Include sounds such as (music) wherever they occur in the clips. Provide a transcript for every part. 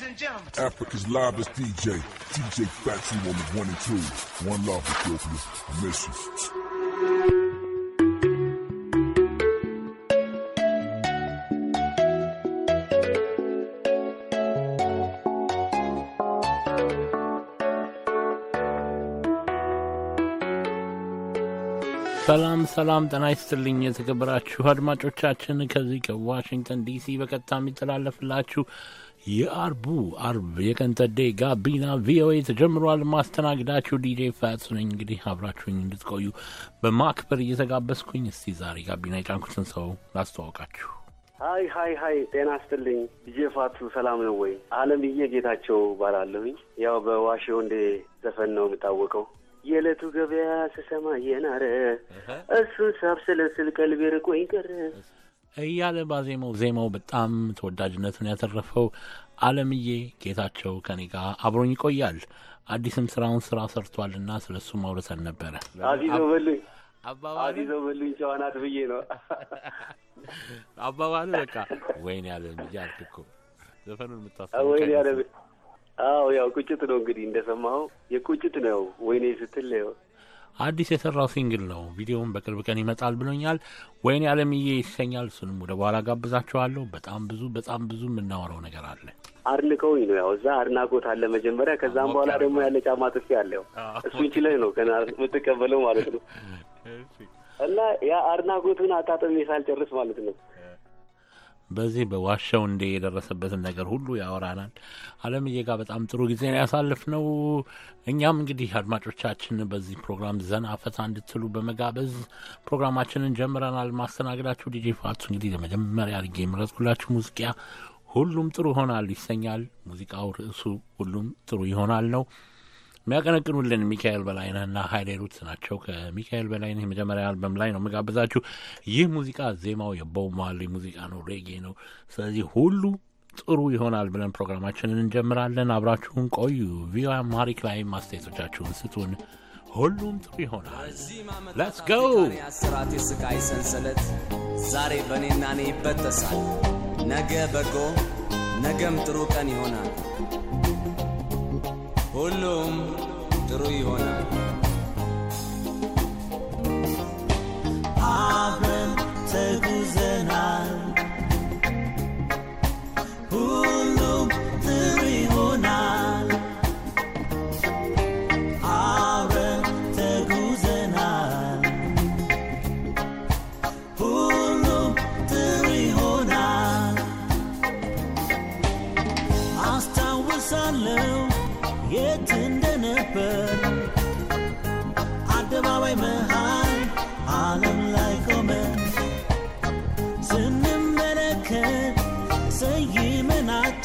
ladies and gentlemen. Africa's livest DJ, DJ Factory on the one and two. One love, Ethiopia. I miss you. ሰላም ጤና ይስጥልኝ የተከበራችሁ አድማጮቻችን፣ ከዚህ ከዋሽንግተን ዲሲ በቀጥታ የሚተላለፍላችሁ የአርቡ አርብ የቀንተዴ ጋቢና ቪኦኤ ተጀምሯል። ማስተናግዳችሁ ዲጄ ፋያት ነኝ። እንግዲህ አብራችሁኝ እንድትቆዩ በማክበር እየተጋበዝኩኝ እስቲ ዛሬ ጋቢና የጫንኩትን ሰው ላስተዋውቃችሁ። ሀይ ሀይ ሀይ፣ ጤና ስትልኝ ዲጄ ፋቱ፣ ሰላም ነው ወይ? አለምዬ ጌታቸው ባላለሁኝ ያው በዋሽ ወንዴ ዘፈን ነው የምታወቀው የዕለቱ ገበያ ስሰማ የናረ እሱን ሳብ ሳብስለስል ቀልቤ ርቆኝ ቀረ እያለ ባዜማው ዜማው በጣም ተወዳጅነቱን ያተረፈው አለምዬ ጌታቸው ከኔ ጋር አብሮኝ ይቆያል። አዲስም ስራውን ስራ ሰርቷል ሰርቷልና ስለ እሱ ማውረሰን ነበረ። አዚዞ በሉኝ አዚዞ በሉኝ ጨዋናት ብዬ ነው አባባሉ። በቃ ወይን ያለ ብዬ አልክ እኮ ዘፈኑን የምታስ ወይን ያለ አዎ ያው ቁጭት ነው እንግዲህ እንደሰማው የቁጭት ነው። ወይኔ ስትል አዲስ የሰራው ሲንግል ነው። ቪዲዮውን በቅርብ ቀን ይመጣል ብሎኛል። ወይኔ አለምዬ ይሰኛል። እሱንም ወደ በኋላ ጋብዛችኋለሁ። በጣም ብዙ በጣም ብዙ የምናወራው ነገር አለ። አድንቀውኝ ነው ያው እዛ አድናቆት አለ መጀመሪያ። ከዛም በኋላ ደግሞ ያለ ጫማ ጥፊ አለው እሱ ይችለህ ነው ገና የምትቀበለው ማለት ነው እና ያ አድናቆትን አጣጥሜ ሳልጨርስ ማለት ነው በዚህ በዋሻው እንዴ የደረሰበትን ነገር ሁሉ ያወራናል። አለምዬ ጋር በጣም ጥሩ ጊዜ ነው ያሳለፍነው። እኛም እንግዲህ አድማጮቻችን በዚህ ፕሮግራም ዘና ፈታ እንድትሉ በመጋበዝ ፕሮግራማችንን ጀምረናል። ማስተናገዳችሁ ዲጄ ፋቱ። እንግዲህ ለመጀመሪያ አድርጌ የምረጥኩላችሁ ሙዚቃ ሁሉም ጥሩ ይሆናል ይሰኛል። ሙዚቃው ርዕሱ ሁሉም ጥሩ ይሆናል ነው። የሚያቀነቅኑልን ሚካኤል በላይነህና ሀይሌ ሩት ናቸው። ከሚካኤል በላይነህ የመጀመሪያ አልበም ላይ ነው የምጋብዛችሁ። ይህ ሙዚቃ ዜማው የቦብ ማርሌ ሙዚቃ ነው፣ ሬጌ ነው። ስለዚህ ሁሉ ጥሩ ይሆናል ብለን ፕሮግራማችንን እንጀምራለን። አብራችሁን ቆዩ። ቪኦኤ አማሪክ ላይ ማስተያየቶቻችሁን ስጡን። ሁሉም ጥሩ ይሆናል። ስራት የስቃይ ሰንሰለት ዛሬ በእኔና እኔ ይበተሳል። ነገ በጎ ነገም ጥሩ ቀን ይሆናል። كلهم طريقنا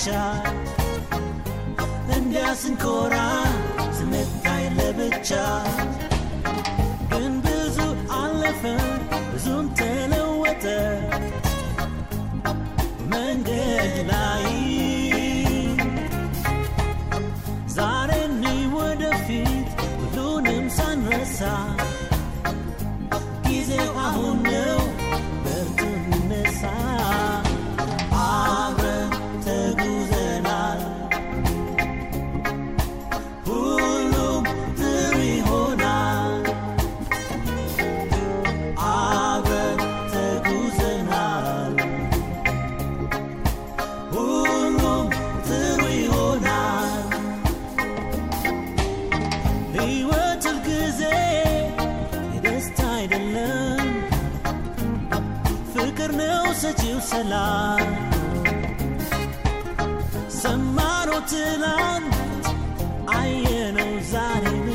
ለብቻ እንዲያ ስንኮራ ስንታይ ለብቻ ግን ብዙ አለፈ ብዙም ተለወጠ መንገድ ላይ ዛሬኒ ወደፊት ሁሉንም ሳንረሳ ሰላም ሰማነው ትናንት አየነው ዛሬን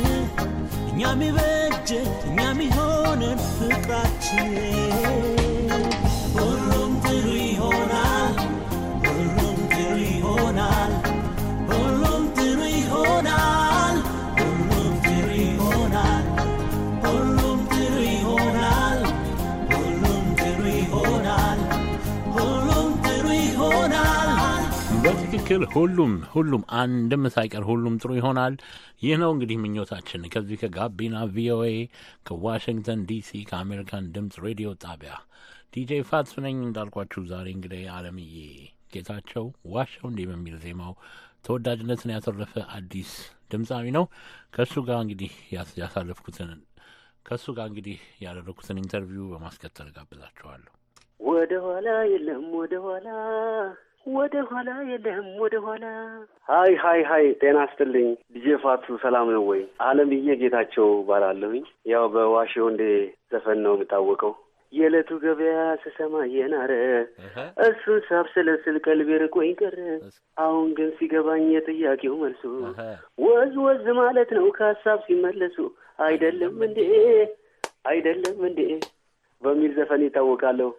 እኛ ሚበጀ እኛ ሚሆንን ፍቅራችን ትክክል። ሁሉም ሁሉም አንድም ሳይቀር ሁሉም ጥሩ ይሆናል። ይህ ነው እንግዲህ ምኞታችን ከዚህ ከጋቢና ቪኦኤ ከዋሽንግተን ዲሲ ከአሜሪካን ድምፅ ሬዲዮ ጣቢያ ዲጄ ፋትስ ነኝ። እንዳልኳችሁ ዛሬ እንግዲህ አለምዬ ጌታቸው ዋሻው እንዲህ በሚል ዜማው ተወዳጅነትን ያተረፈ አዲስ ድምፃዊ ነው። ከእሱ ጋር እንግዲህ ያሳለፍኩትን ከእሱ ጋር እንግዲህ ያደረግኩትን ኢንተርቪው በማስከተል ጋብዛችኋለሁ። ወደ ኋላ የለም ወደ ኋላ ወደ ኋላ የለህም ወደ ኋላ። ሀይ ሀይ ሀይ ጤና ስትልኝ ልጄ ፋቱ ሰላም ነው ወይ? አለምዬ ጌታቸው ባላለሁኝ ያው በዋሽ ወንዴ ዘፈን ነው የምታወቀው። የዕለቱ ገበያ ስሰማ የናረ እሱን ሳብሰለስል ቀልቤ ርቆኝ ቀረ። አሁን ግን ሲገባኝ የጥያቄው መልሱ ወዝ ወዝ ማለት ነው ከሀሳብ ሲመለሱ አይደለም እንዴ አይደለም እንዴ በሚል ዘፈን ይታወቃለሁ።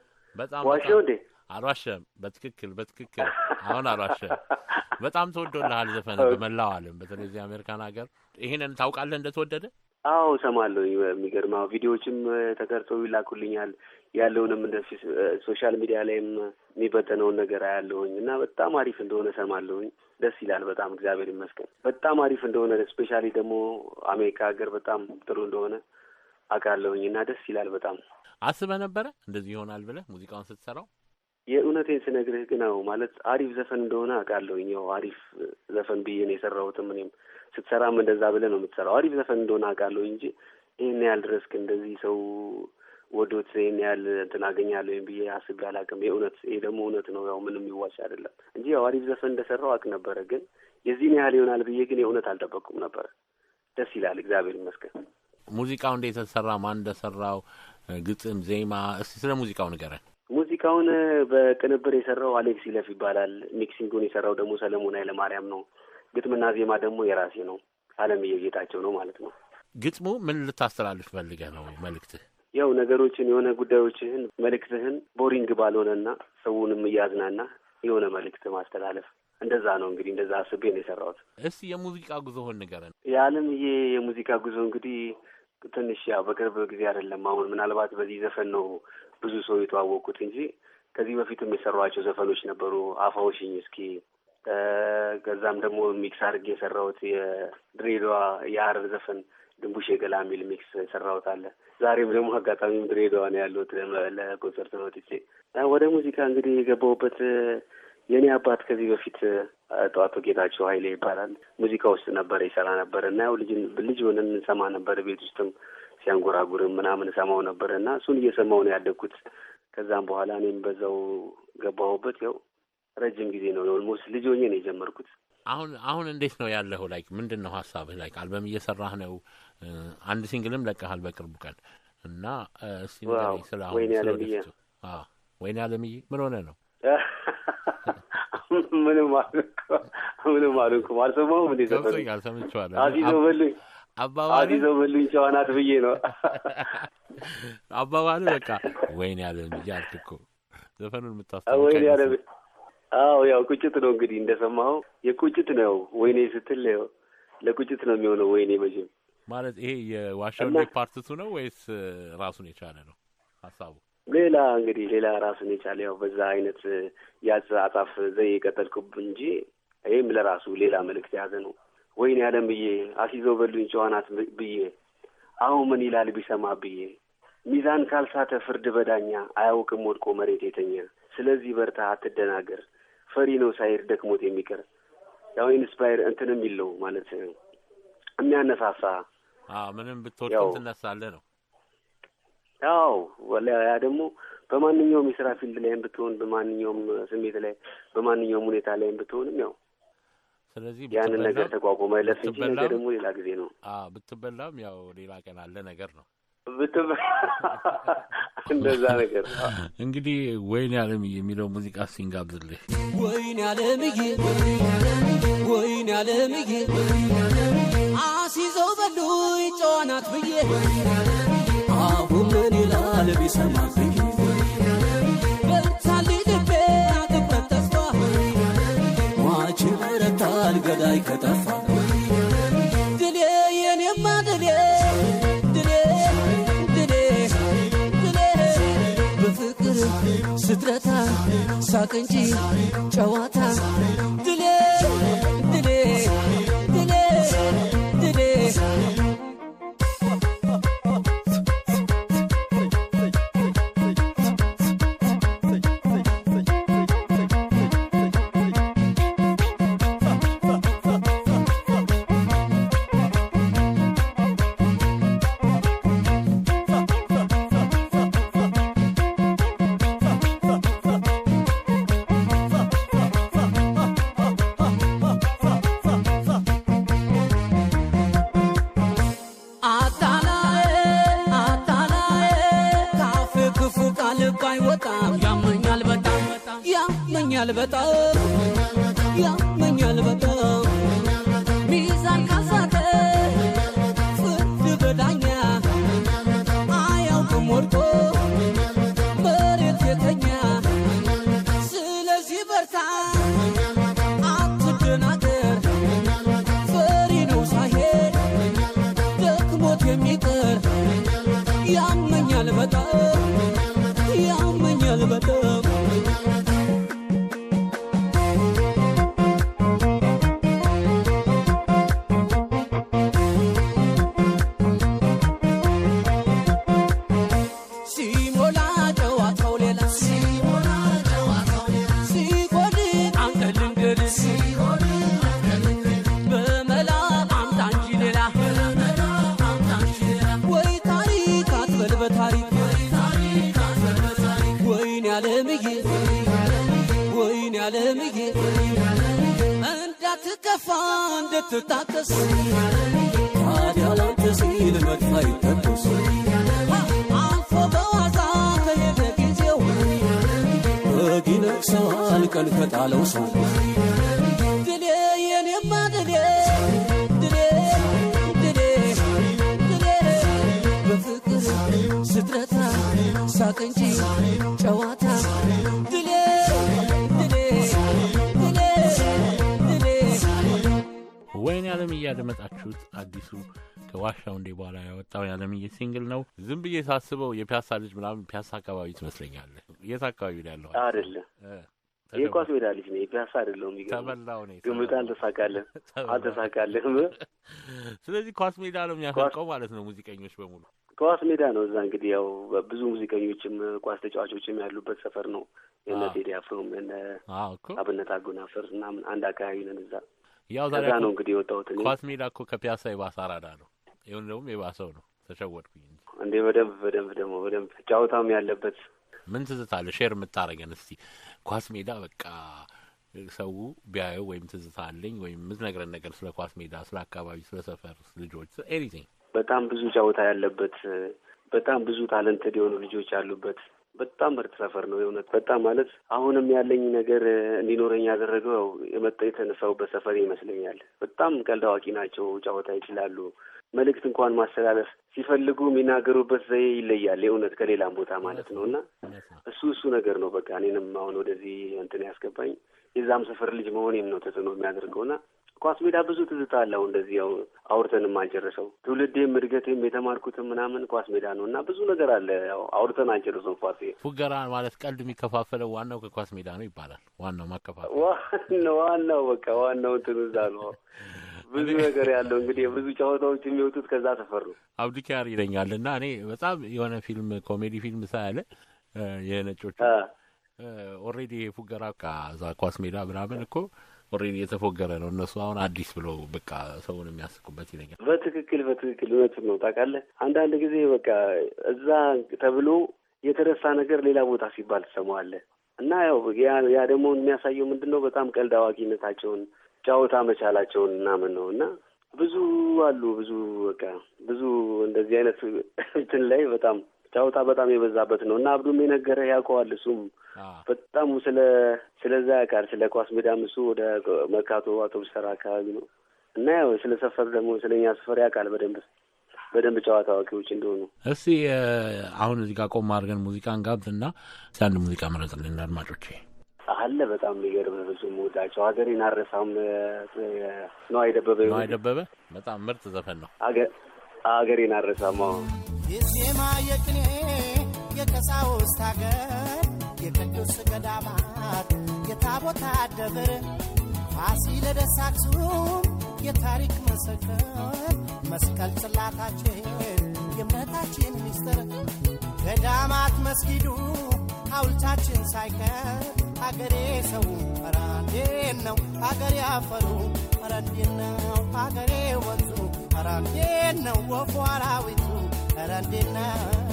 ዋሽ ወንዴ አሏሸም በትክክል በትክክል አሁን አልዋሸም። በጣም ተወዶልሃል ዘፈን በመላው ዓለም በተለይ እዚህ አሜሪካን ሀገር። ይሄንን ታውቃለህ እንደተወደደ? አዎ እሰማለሁ። የሚገርመው ቪዲዮዎችም ተቀርጸው ይላኩልኛል። ያለውንም እንደ ሶሻል ሚዲያ ላይም የሚበጠነውን ነገር አያለሁኝ እና በጣም አሪፍ እንደሆነ እሰማለሁኝ። ደስ ይላል። በጣም እግዚአብሔር ይመስገን። በጣም አሪፍ እንደሆነ ስፔሻሊ ደግሞ አሜሪካ ሀገር በጣም ጥሩ እንደሆነ አውቃለሁኝ እና ደስ ይላል። በጣም አስበህ ነበረ እንደዚህ ይሆናል ብለህ ሙዚቃውን ስትሰራው? የእውነቴን ስነግርህ ግን አዎ፣ ማለት አሪፍ ዘፈን እንደሆነ አውቃለሁኝ። ያው አሪፍ ዘፈን ብዬን የሰራሁትም። እኔም ስትሰራም እንደዛ ብለህ ነው የምትሰራው። አሪፍ ዘፈን እንደሆነ አውቃለሁ እንጂ ይህን ያህል ድረስ እንደዚህ ሰው ወዶት ይህን ያህል እንትን አገኛለሁ ወይም ብዬ አስቤ አላውቅም። የእውነት ይሄ ደግሞ እውነት ነው። ያው ምንም ይዋሽ አይደለም እንጂ ያው አሪፍ ዘፈን እንደሰራው አውቅ ነበረ። ግን የዚህን ያህል ይሆናል ብዬ ግን የእውነት አልጠበቅኩም ነበረ። ደስ ይላል። እግዚአብሔር ይመስገን። ሙዚቃው እንደተሰራ ማን እንደሰራው፣ ግጥም፣ ዜማ፣ እስቲ ስለ ሙዚቃው ንገረን። ሙዚቃውን በቅንብር የሰራው አሌክስ ይለፍ ይባላል። ሚክሲንጉን የሰራው ደግሞ ሰለሞን ኃይለማርያም ነው። ግጥምና ዜማ ደግሞ የራሴ ነው፣ አለምዬ ጌታቸው ነው ማለት ነው። ግጥሙ ምን ልታስተላልፍ ፈልገ ነው መልእክትህ? ያው ነገሮችን የሆነ ጉዳዮችህን መልእክትህን ቦሪንግ ባልሆነና ሰውንም እያዝናና የሆነ መልእክት ማስተላለፍ እንደዛ ነው እንግዲህ እንደዛ አስቤ ነው የሰራሁት። እስቲ የሙዚቃ ጉዞህን ንገረን። የአለምዬ የሙዚቃ ጉዞ እንግዲህ ትንሽ ያው በቅርብ ጊዜ አይደለም። አሁን ምናልባት በዚህ ዘፈን ነው ብዙ ሰው የተዋወቁት እንጂ ከዚህ በፊትም የሰሯቸው ዘፈኖች ነበሩ። አፋዎሽኝ እስኪ ከዛም ደግሞ ሚክስ አድርጌ የሰራሁት የድሬዳዋ የሀረር ዘፈን ድንቡሽ የገላ ሚል ሚክስ ሰራሁት አለ። ዛሬም ደግሞ አጋጣሚም ድሬዳዋ ነው ያለሁት ለኮንሰርት መጥቼ። ወደ ሙዚቃ እንግዲህ የገባሁበት የእኔ አባት ከዚህ በፊት ጠዋቶ ጌታቸው ኃይሌ ይባላል ሙዚቃ ውስጥ ነበር ይሰራ ነበር እና ያው ልጅ ልጅ ሆነን እንሰማ ነበር ቤት ውስጥም ሲያንጎራጉርም ምናምን ሰማው ነበር እና እሱን እየሰማው ነው ያደግኩት። ከዛም በኋላ እኔም በዛው ገባሁበት። ያው ረጅም ጊዜ ነው ኦልሞስት ልጅ ሆኜ ነው የጀመርኩት። አሁን አሁን እንዴት ነው ያለው? ላይክ ምንድን ነው ሀሳብህ? ላይክ አልበም እየሰራህ ነው። አንድ ሲንግልም ለቀሃል በቅርቡ ቀን እና ወይኔ አለምዬ ወይኔ አለምዬ ምን ሆነ ነው? (laughs) ምንም አልኩ ምንም አልኩም። አልሰማሁም እንዴ? ገብቶኛል። ሰምቼዋለሁ። አዚዞ በሉኝ አባባሉ ይዘው በሉኝ ጨዋናት ብዬ ነው አባባሉ። በቃ ወይን ያለም እያልክ እኮ ዘፈኑን የምታስታውቀው ወይን ያለም። አዎ ያው ቁጭት ነው እንግዲህ እንደሰማኸው የቁጭት ነው ወይኔ ስትል ው ለቁጭት ነው የሚሆነው ወይኔ መቼም ማለት ይሄ የዋሻው ፓርትቱ ነው ወይስ ራሱን የቻለ ነው ሀሳቡ? ሌላ እንግዲህ ሌላ ራሱን የቻለ ያው በዛ አይነት ያጽ አጻፍ ዘይ የቀጠልኩብ እንጂ ይህም ለራሱ ሌላ መልእክት የያዘ ነው። ወይን ያለም ብዬ አሲዞ በሉኝ ጨዋናት ብዬ አሁን ምን ይላል ቢሰማ ብዬ ሚዛን ካልሳተ ፍርድ በዳኛ አያውቅም ወድቆ መሬት የተኛ። ስለዚህ በርታ አትደናገር፣ ፈሪ ነው ሳይር ደክሞት የሚቀር ያው ኢንስፓየር እንትን የሚል ማለት የሚያነሳሳ ምንም ብትወድቅ ትነሳለህ ነው። ያው ወላ ያ ደግሞ በማንኛውም የስራ ፊልድ ላይም ብትሆን፣ በማንኛውም ስሜት ላይ፣ በማንኛውም ሁኔታ ላይም ብትሆንም ያው ስለዚህ ያንን ነገር ተቋቁመ ለስ እንጂ ነገ ደግሞ ሌላ ጊዜ ነው ብትበላም ያው ሌላ ቀን አለ ነገር ነው (laughs) እንደዛ ነገር እንግዲህ ወይን ያለምዬ የሚለው ሙዚቃ ሲንጋብዝልህ ወይን ዓለምዬ ወይኔ ዓለምዬ አስይዘው በሉኝ ጨዋናት ብዬ አሁን ምን ይላል ቢሰማ ገዳይ ከጠፋ ድሌ የኔማ ድሌ ድሌ ድሌ ድሌ በፍቅር ስትረታ ሳቅንጂ ጨዋታ ስትረታ ሳቅ እንጂ ጨዋታ ወይን አዲሱ ከዋሻው እንዴ በኋላ ያወጣው ያለምዬ ሲንግል ነው። ዝም ብዬ ሳስበው የፒያሳ ልጅ ምናምን ፒያሳ አካባቢ ትመስለኛለህ። የት አካባቢ ላይ ያለው አይደለም? የኳስ ሜዳ ልጅ ነኝ። ፒያሳ አይደለሁም። ተበላው ነ ግምት አልተሳካለን አልተሳካልንም። (laughs) ስለዚህ ኳስ ሜዳ ነው የሚያሳቀው ማለት ነው። ሙዚቀኞች በሙሉ ኳስ ሜዳ ነው። እዛ እንግዲህ ያው ብዙ ሙዚቀኞችም ኳስ ተጫዋቾችም ያሉበት ሰፈር ነው። የነ ቴዲ አፍሮም የነ አብነት አጎናፍር ምናምን አንድ አካባቢ ነን። እዛ ያው ዛሬ ነው እንግዲህ የወጣሁት። ኳስ ሜዳ እኮ ከፒያሳ የባሰ አራዳ ነው። ይሁን ደግሞ የባሰው ነው። ተሸወድኩኝ እንዴ! በደንብ በደንብ ደግሞ በደንብ ጫወታም ያለበት ምን ትዝታለ ሼር የምታረገን እስቲ ኳስ ሜዳ በቃ ሰው ቢያዩ ወይም ትዝታ አለኝ ወይም የምትነግረን ነገር ስለ ኳስ ሜዳ፣ ስለ አካባቢ፣ ስለ ሰፈር ልጆች ኤኒቲንግ። በጣም ብዙ ጨዋታ ያለበት በጣም ብዙ ታለንትድ የሆኑ ልጆች ያሉበት በጣም ምርጥ ሰፈር ነው የእውነት። በጣም ማለት አሁንም ያለኝ ነገር እንዲኖረኝ ያደረገው ያው የመጣ የተነሳሁበት ሰፈር ይመስለኛል። በጣም ቀልድ አዋቂ ናቸው፣ ጨዋታ ይችላሉ። መልእክት እንኳን ማስተላለፍ ሲፈልጉ የሚናገሩበት ዘዬ ይለያል። የእውነት ከሌላም ቦታ ማለት ነው እና እሱ እሱ ነገር ነው በቃ እኔንም አሁን ወደዚህ እንትን ያስገባኝ የዛም ሰፈር ልጅ መሆኔም ነው ተጽዕኖ የሚያደርገውና ኳስ ሜዳ ብዙ ትዝታ አለው። እንደዚህ ያው አውርተንም አንጨርሰው ትውልዴም እድገቴም የተማርኩትም ምናምን ኳስ ሜዳ ነው እና ብዙ ነገር አለ። ያው አውርተን አልጨረሰው ኳስ ፉገራ ማለት ቀልድ የሚከፋፈለው ዋናው ከኳስ ሜዳ ነው ይባላል። ዋናው ማከፋፈል ዋናው በቃ ዋናው እንትን እዛ ነው ብዙ ነገር ያለው እንግዲህ ብዙ ጨዋታዎች የሚወጡት ከዛ ተፈሩ ነው። አብዱኪያር ይለኛል እና እኔ በጣም የሆነ ፊልም ኮሜዲ ፊልም ሳያለ የነጮቹ ኦሬዲ የፉገራ በቃ እዛ ኳስ ሜዳ ምናምን እኮ ኦሬዲ የተፎገረ ነው። እነሱ አሁን አዲስ ብለው በቃ ሰውን የሚያስቁበት ይለኛል። በትክክል በትክክል እውነቱን ነው። ታውቃለህ አንዳንድ ጊዜ በቃ እዛ ተብሎ የተረሳ ነገር ሌላ ቦታ ሲባል ትሰማዋለህ እና ያው ያ ደግሞ የሚያሳየው ምንድን ነው በጣም ቀልድ አዋቂነታቸውን ጨዋታ መቻላቸውን ምናምን ነው እና ብዙ አሉ ብዙ በቃ ብዙ እንደዚህ አይነት እንትን ላይ በጣም ጫወታ በጣም የበዛበት ነው እና አብዱም የነገረ ያውቀዋል። እሱም በጣም ስለ ስለዛ ያውቃል። ስለ ኳስ ሜዳም እሱ ወደ መካቶ አውቶቡስ ተራ አካባቢ ነው እና ያው ስለ ሰፈር ደግሞ ስለ እኛ ሰፈር ያውቃል በደንብ በደንብ ጨዋታ አዋቂዎች እንደሆኑ። እስቲ አሁን እዚህ ጋር ቆም አድርገን ሙዚቃ እንጋብዝና አንድ ሙዚቃ መረጥልን አድማጮቼ። አለ በጣም የሚገርም ብዙ መወዳቸው ሀገሬን አረሳም ነው አይደበበ ነው አይደበበ በጣም ምርጥ ዘፈን ነው። ሀገሬን አረሳም የዜማ የቅኔ የቀሳውስት ሀገር የቅዱስ ገዳማት የታቦታ ደብር ፋሲለደስ አክሱም የታሪክ መሰከር መስቀል ጽላታችን የእምነታችን ሚስጥር ገዳማት መስጊዱ ሐውልታችን ሳይቀር አገሬ ሰው አራንዴን ነው አገሬ አፈሩ አራንዴን ነው አገሬ ወንዙ አራንዴን ነው ወፎ አራዊቱ ነው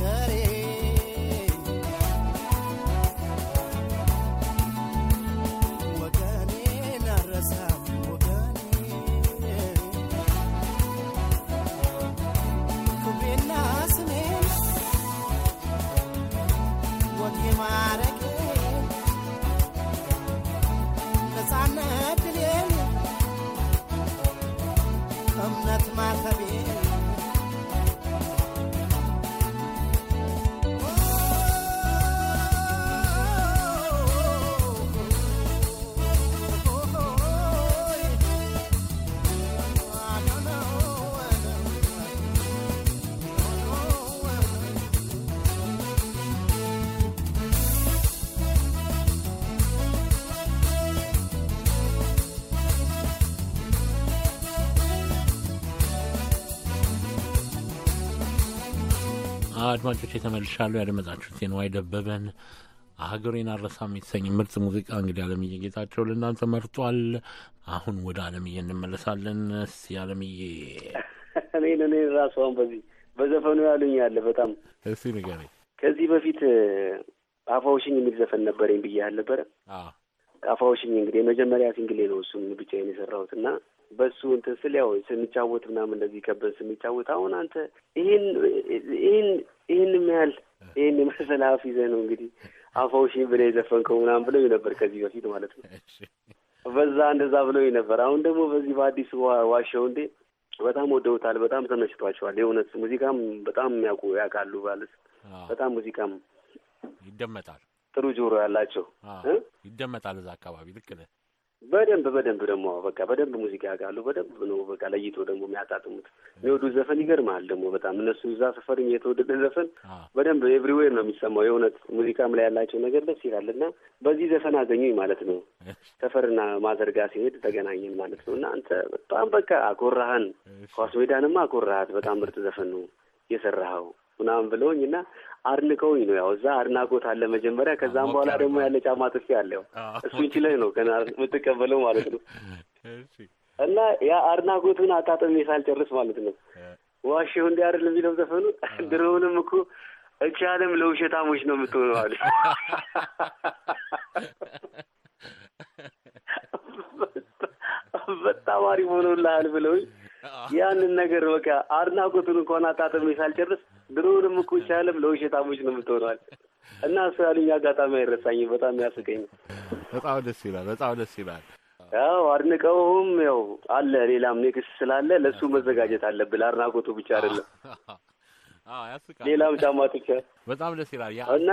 I it. አድማጮች የተመልሻሉ። ያደመጣችሁት የንዋይ ደበበን ሀገሬን አረሳም የሚሰኝ ምርጥ ሙዚቃ እንግዲህ አለምዬ ጌታቸው ለእናንተ መርጧል። አሁን ወደ አለምዬ እንመለሳለን። ስ አለምዬ (laughs) እኔን እኔ ራሱ አሁን በዚህ በዘፈኑ ያሉኝ ያለ በጣም እስኪ ንገረኝ። ከዚህ በፊት አፋውሽኝ የሚል ዘፈን ነበረኝ ብዬ አልነበረ? አፋውሽኝ እንግዲህ የመጀመሪያ ሲንግሌ ነው እሱም ብቻዬን የሰራሁት እና በሱ እንትን ስል ያው ስንጫወት ምናምን እንደዚህ ከበድ ስንጫወት አሁን አንተ ይህን ይህን ይህን ያህል ይህን የመሰለ አፍ ይዘህ ነው እንግዲህ አፋውሽን ብለህ የዘፈንከው ምናምን ብለው ነበር ከዚህ በፊት ማለት ነው። በዛ እንደዛ ብለው ነበር። አሁን ደግሞ በዚህ በአዲስ ዋሻው እንዴ በጣም ወደውታል። በጣም ተመችቷቸዋል። የእውነት ሙዚቃም በጣም ያውቁ ያውቃሉ። ባለስ በጣም ሙዚቃም ይደመጣል። ጥሩ ጆሮ ያላቸው ይደመጣል እዛ አካባቢ ልክ ነህ። በደንብ በደንብ ደግሞ በቃ በደንብ ሙዚቃ ያውቃሉ። በደንብ ነው በቃ ለይቶ ደግሞ የሚያጣጥሙት የሚወዱት ዘፈን ይገርማል። ደግሞ በጣም እነሱ እዛ ሰፈር የተወደደ ዘፈን በደንብ ኤቭሪዌር ነው የሚሰማው። የእውነት ሙዚቃም ላይ ያላቸው ነገር ደስ ይላል እና በዚህ ዘፈን አገኙኝ ማለት ነው። ሰፈርና ማዘርጋ ሲሄድ ተገናኘን ማለት ነው እና አንተ በጣም በቃ አኮራህን፣ ኳስ ሜዳንማ አኮራሃት። በጣም ምርጥ ዘፈን ነው የሰራኸው ምናምን ብለውኝ እና አድንቀውኝ ነው ያው እዛ አድናቆት አለ መጀመሪያ። ከዛም በኋላ ደግሞ ያለ ጫማ ጥፊ አለው እሱ እሱን ችለኝ ነው ከና የምትቀበለው ማለት ነው። እና ያ አድናቆቱን አጣጥሜ ሳልጨርስ ማለት ነው ዋሽው እንዲህ አይደል የሚለው ዘፈኑ ድሮውንም እኮ እቺ ዓለም ለውሸታሞች ነው የምትሆነው አለ። በጣም አሪፍ ሆኖልሃል ብለውኝ ያንን ነገር በቃ አድናቆቱን እንኳን አጣጥሜ ሳልጨርስ ድሮውንም እኮ ይቻለም ለውሸታሞች ነው የምትሆነዋል። እና እሱ ያሉኝ አጋጣሚ አይረሳኝም። በጣም ያስቀኝ። በጣም ደስ ይላል። በጣም ደስ ይላል። ያው አድንቀውም ያው አለ ሌላም ኔክስት ስላለ ለእሱ መዘጋጀት አለብን። አድናቆቱ ብቻ አይደለም (laughs) ሌላም ጫማ ብቻ በጣም ደስ ይላል። እና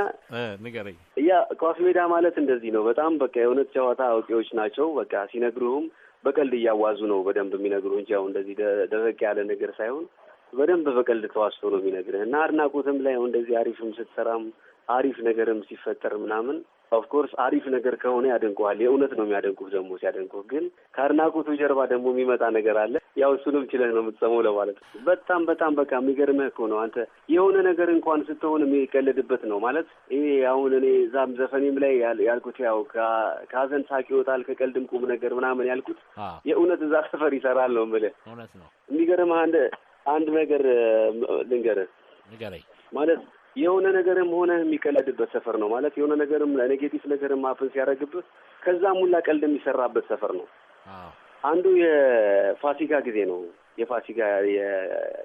ንገረኝ ያ ኳስ ሜዳ ማለት እንደዚህ ነው። በጣም በቃ የእውነት ጨዋታ አዋቂዎች ናቸው። በቃ ሲነግሩህም በቀልድ እያዋዙ ነው በደንብ የሚነግሩ እንጂ ያው እንደዚህ ደረቅ ያለ ነገር ሳይሆን በደንብ በቀልድ ተዋስቶ ነው የሚነግርህ እና አድናቆትም ላይ እንደዚህ አሪፍም ስትሰራም አሪፍ ነገርም ሲፈጠር ምናምን ኦፍኮርስ አሪፍ ነገር ከሆነ ያደንቁሃል። የእውነት ነው የሚያደንቁህ። ደግሞ ሲያደንቁህ ግን ከአድናቆቱ ጀርባ ደግሞ የሚመጣ ነገር አለ። ያው እሱንም ችለህ ነው የምትሰመው ለማለት ነው። በጣም በጣም በቃ የሚገርምህ እኮ ነው አንተ የሆነ ነገር እንኳን ስትሆን የሚቀለድበት ነው ማለት ይሄ አሁን እኔ እዛም ዘፈኔም ላይ ያልኩት ያው ከሀዘን ሳቅ ይወጣል ከቀልድም ቁም ነገር ምናምን ያልኩት የእውነት እዛ ሰፈር ይሰራል ነው የምልህ። እውነት ነው የሚገርምህ አንተ አንድ ነገር ልንገርህ ንገረኝ ማለት የሆነ ነገርም ሆነ የሚቀለድበት ሰፈር ነው ማለት የሆነ ነገርም ለኔጌቲቭ ነገርም አፍን ሲያደርግብህ ከዛም ሁላ ቀልድ የሚሰራበት ሰፈር ነው። አንዱ የፋሲካ ጊዜ ነው። የፋሲካ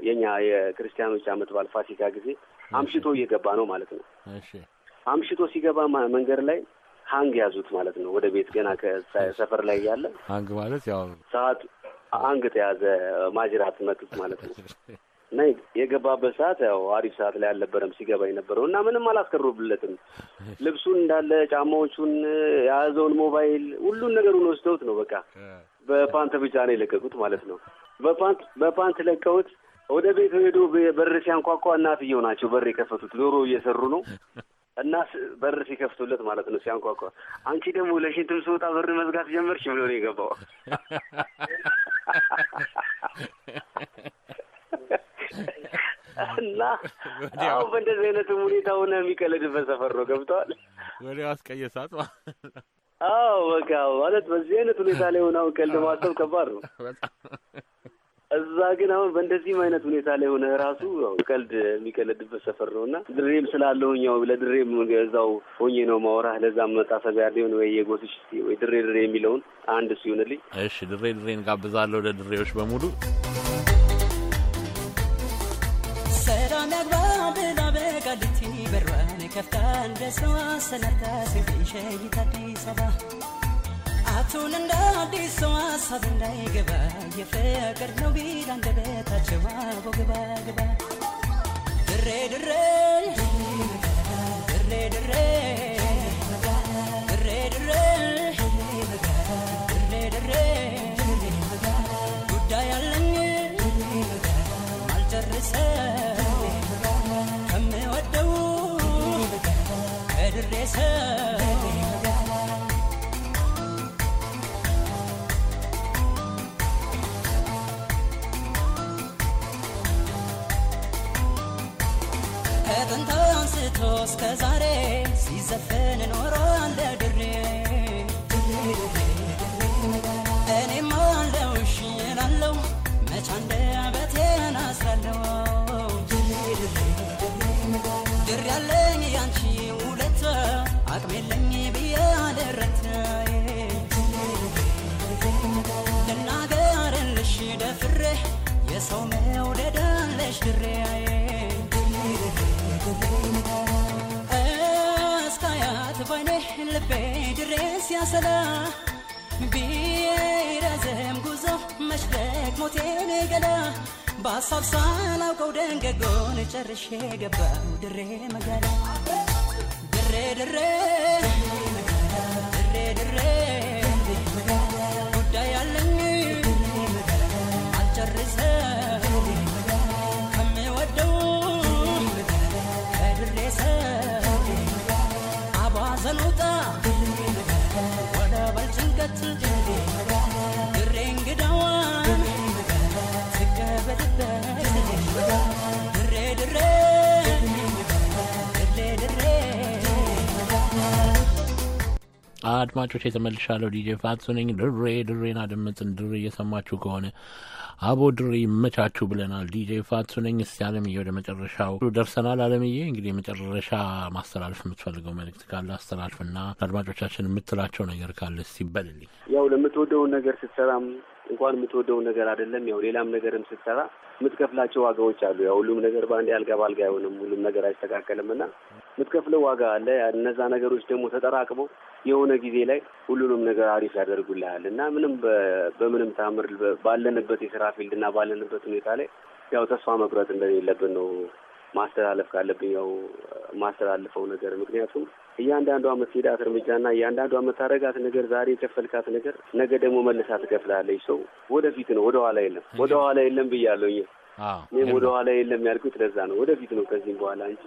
የኛ የክርስቲያኖች አመት በዓል ፋሲካ ጊዜ አምሽቶ እየገባ ነው ማለት ነው። አምሽቶ ሲገባ መንገድ ላይ ሀንግ ያዙት ማለት ነው። ወደ ቤት ገና ከሰፈር ላይ እያለ ሀንግ ማለት ያው ሰዓት አንገት የያዘ ማጅራት መክት ማለት ነው። እና የገባበት ሰዓት ያው አሪፍ ሰዓት ላይ አልነበረም ሲገባ የነበረው እና ምንም አላስቀሩብለትም። ልብሱን እንዳለ ጫማዎቹን፣ የያዘውን ሞባይል፣ ሁሉን ነገሩን ወስደውት ነው በቃ በፓንት ብቻ ነው የለቀቁት ማለት ነው። በፓንት በፓንት ለቀውት ወደ ቤት ሄዶ በር ሲያንኳኳ እናትየው ናቸው በር የከፈቱት። ዶሮ እየሰሩ ነው እና በር ሲከፍቱለት ማለት ነው ሲያንኳኳ፣ አንቺ ደግሞ ለሽንትም ስወጣ በር መዝጋት ጀመርሽ ብሎ ነው የገባው። እና አሁን በእንደዚህ አይነትም ሁኔታ ሆነ የሚቀለድበት ሰፈር ነው። ገብተዋል። ወዲያው አስቀየሳት ማለት አዎ፣ በቃ ማለት በዚህ አይነት ሁኔታ ላይ ሆነ አሁን ቀልድ ማሰብ ከባድ ነው። እዛ ግን አሁን በእንደዚህም አይነት ሁኔታ ላይ ሆነ ራሱ ቀልድ የሚቀለድበት ሰፈር ነው እና ድሬም ስላለሁኝ ያው ለድሬም እዛው ሆኜ ነው ማውራህ። ለዛም መታሰቢያ ሊሆን ወይ የጎትሽ ወይ ድሬ ድሬ የሚለውን አንድ እሱ ይሆንልኝ። እሺ ድሬ ድሬን ጋብዛለሁ ለድሬዎች በሙሉ ሰላም ሰዓቱን እንደ አዲስ ሰው ሀሳብ እንዳይገባ የፍቅር ነው ቢል አንደበታቸው አቦ ግባ ግባ ድሬ ድሬ ድሬ ድሬ ድሬ ድሬ ድሬ ድሬ ጉዳይ አለኝ አልጨርሰም ከምወደው ከድሬ ሰው እስከ ዛሬ ሲዘፈን ኖሮ አንደ ድሬ ሀሳብ ሳላውቀው ደንገጎን ጨርሼ ድሬ መገራ ድሬ ድሬ ድሬ ድሬ ጉዳይ ያለኝ አልጨርሰ ከምወደው ከድሬሰ አቧዘኑጣ ወደ በልጭንቀት አድማጮች የተመልሻለሁ። ዲጄ ፋትሱ ነኝ። ድሬ ድሬን አደመጥን። ድሬ እየሰማችሁ ከሆነ አቦ ድሬ ይመቻችሁ ብለናል። ዲጄ ፋትሱ ነኝ። እስቲ አለምዬ ወደ መጨረሻው ደርሰናል። አለምዬ እንግዲህ የመጨረሻ ማስተላለፍ የምትፈልገው መልእክት ካለ አስተላልፍና ለአድማጮቻችን የምትላቸው ነገር ካለ እስቲ በልልኝ። ያው ለምትወደውን ነገር ስትሰራም እንኳን የምትወደው ነገር አይደለም ያው ሌላም ነገርም ስትሰራ የምትከፍላቸው ዋጋዎች አሉ። ያው ሁሉም ነገር በአንድ አልጋ ባልጋ አይሆንም፣ ሁሉም ነገር አይስተካከልም እና የምትከፍለው ዋጋ አለ። እነዛ ነገሮች ደግሞ ተጠራቅመው የሆነ ጊዜ ላይ ሁሉንም ነገር አሪፍ ያደርጉልሃል እና ምንም በምንም ታምር ባለንበት የስራ ፊልድ እና ባለንበት ሁኔታ ላይ ያው ተስፋ መቁረጥ እንደሌለብን ነው ማስተላለፍ ካለብኝ ያው ማስተላልፈው ነገር ምክንያቱም እያንዳንዷ የምትሄዳት እርምጃና እያንዳንዷ የምታረጋት ነገር ዛሬ የከፈልካት ነገር ነገ ደግሞ መልሳ ትከፍላለች። ሰው ወደፊት ነው፣ ወደኋላ የለም። ወደኋላ የለም ብያለሁ እኔም ወደኋላ የለም ያልኩት ለዛ ነው። ወደፊት ነው ከዚህም በኋላ እንጂ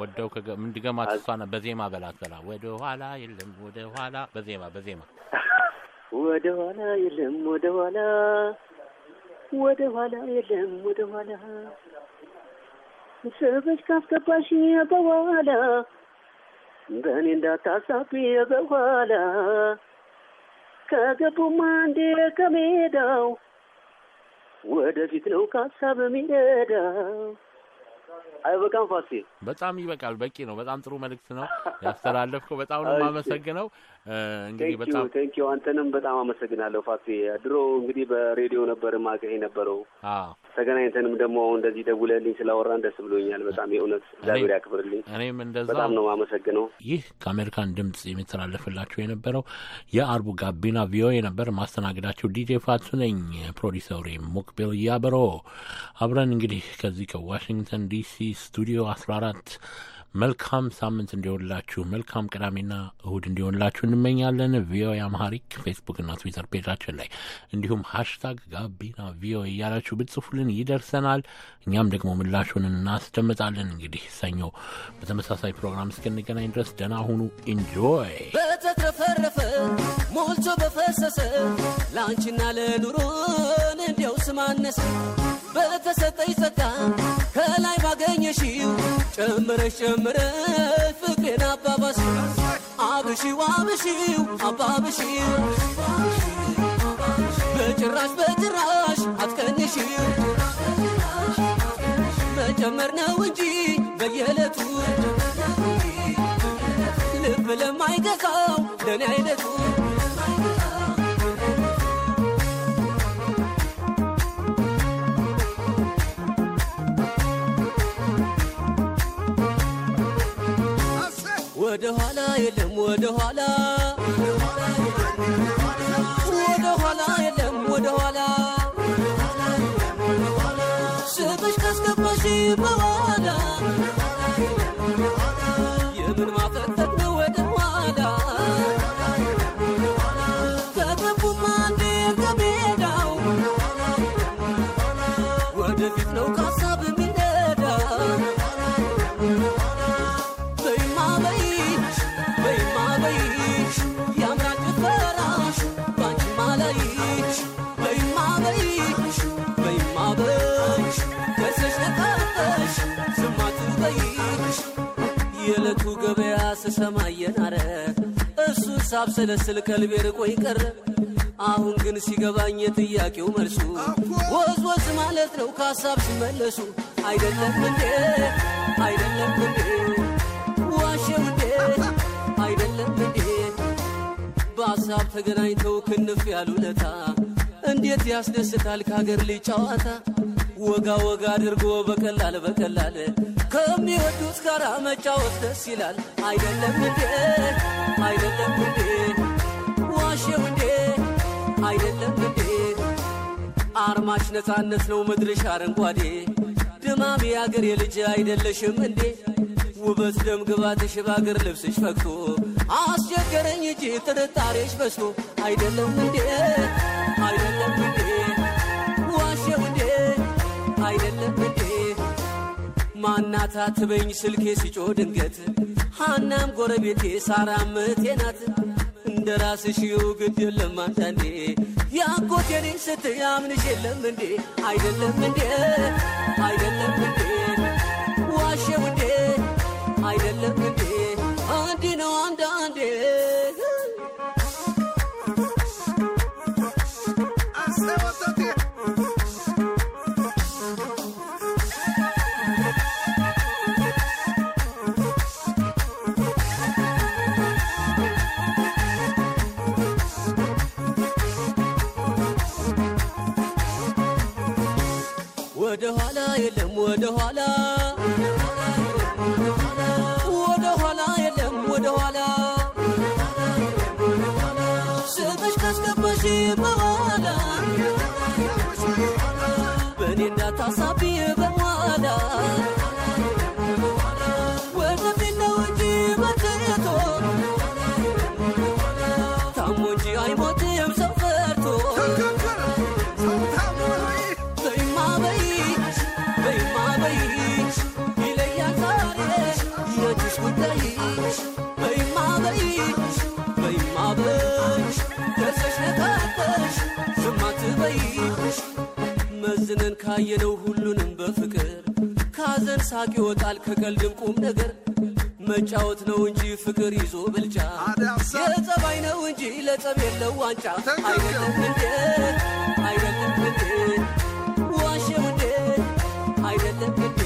ወደው ምንድገማ ምንድገማት እሷ በዜማ በላት በላ ወደኋላ የለም ወደኋላ በዜማ በዜማ (laughs) ወደኋላ የለም ወደኋላ ወደኋላ የለም ወደኋላ ሰበች ካስገባሽ በኋላ በእኔ እንዳታሳፊ በኋላ ከገቡም አንዴ ከሜዳው ወደፊት ነው ከሀሳብ የሚሄዳው። አይበቃም ፋሴ፣ በጣም ይበቃል። በቂ ነው። በጣም ጥሩ መልእክት ነው ያስተላለፍከው። በጣም ነው የማመሰግነው። እንግዲህ በጣም ቴንኪው። አንተንም በጣም አመሰግናለሁ ፋሴ። ድሮ እንግዲህ በሬዲዮ ነበር ማገኝ ነበረው ተገናኝተንም ደግሞ እንደዚህ ደውለልኝ ስላወራን ደስ ብሎኛል። በጣም የእውነት እግዚአብሔር ያክብርልኝ። እኔም እንደዛ በጣም ነው አመሰግነው። ይህ ከአሜሪካን ድምጽ የሚተላለፍላችሁ የነበረው የአርቡ ጋቢና ቪኦኤ ነበር። ማስተናገዳቸው ዲጄ ፋቱ ነኝ። ፕሮዲሰሪ ሞክቤል እያበሮ አብረን እንግዲህ ከዚህ ከዋሽንግተን ዲሲ ስቱዲዮ አስራ አራት መልካም ሳምንት እንዲሆንላችሁ፣ መልካም ቅዳሜና እሁድ እንዲሆንላችሁ እንመኛለን። ቪኦኤ አምሃሪክ ፌስቡክና ትዊተር ፔጃችን ላይ እንዲሁም ሀሽታግ ጋቢና ቪኦኤ እያላችሁ ብጽፉልን ይደርሰናል። እኛም ደግሞ ምላሹን እናስደምጣለን። እንግዲህ ሰኞ በተመሳሳይ ፕሮግራም እስክንገናኝ ድረስ ደህና ሁኑ። ኢንጆይ በተትረፈረፈ ሞልቶ በፈሰሰ ለአንቺና ለኑሮን እንዲያው ስማነሰ በተሰጠኝ ጸጋ ከላይ ባገኘሽው ጨምረሽ ጨምረሽ ፍቅሬን አባባሽው አብሺው አብሺው አባብሺው በጭራሽ በጭራሽ አትቀንሺው መጨመር ነው እንጂ በየዕለቱ ልብ ለማይገዛው ለእኔ አይነቱ ወደ ኋላ የለም ወደ ኋላ ወደ ኋላ የለም ወደ ኋላ ስምሽ ካስገባሽ በኋላ የምን ማፈጠት ነው አትበይ የዕለቱ ገበያ ስሰማ እየናረ እሱን ሳብሰለስል ከልቤ ርቆ ይቀረ አሁን ግን ሲገባኝ የጥያቄው መልሱ ወዝ ወዝ ማለት ነው ከሀሳብ ሲመለሱ አይደለም እንዴ አይደለም እንዴ ዋሸው እንዴ አይደለም እንዴ በሀሳብ ተገናኝተው ክንፍ ያሉለታ እንዴት ያስደስታል ከሀገር ልጅ ጨዋታ ወጋ ወጋ አድርጎ በቀላል በቀላል ከሚወዱት ጋር መጫወት ደስ ይላል። አይደለም እንዴ አይደለም እንዴ ዋሸው እንዴ አይደለም እንዴ አርማሽ ነፃነት ነው ምድርሽ አረንጓዴ ድማሜ አገር የልጅ አይደለሽም እንዴ ውበት ደም ግባትሽ በአገር ልብስሽ ፈግቶ አስቸገረኝ እጅ ጥርጣሬሽ በዝቶ አይደለም እንዴ አይደለም እንዴ እናታ ትበኝ ስልኬ ሲጮ ድንገት ሐናም ጎረቤቴ ሳራም ምቴ ናት። እንደ ራስሽ ግድ የለም አንዳንዴ ያጎቴኔ ስትይ አምንሽ የለም እንዴ አይደለም እንዴ አይደለም እንዴ ዋሸው እንዴ አይደለም እንዴ ወደ ኋላ ወደ ኋላ የለም ወደ ኋላ ስምሽ ካስገባሽ በኋላ በእኔ እንዳታሳቢ ካየነው ሁሉንም በፍቅር ካዘን ሳቅ ይወጣል ከቀልድም ቁም ነገር መጫወት ነው እንጂ ፍቅር ይዞ ብልጫ የጸባይ ነው እንጂ ለጸብ የለው ዋንጫ አይደለም እንዴ አይደለም እንዴ ዋሸው እንዴ አይደለም እንዴ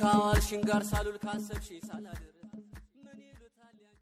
ከአዋልሽን ጋር ሳሉል ካሰብሽ ሳላድር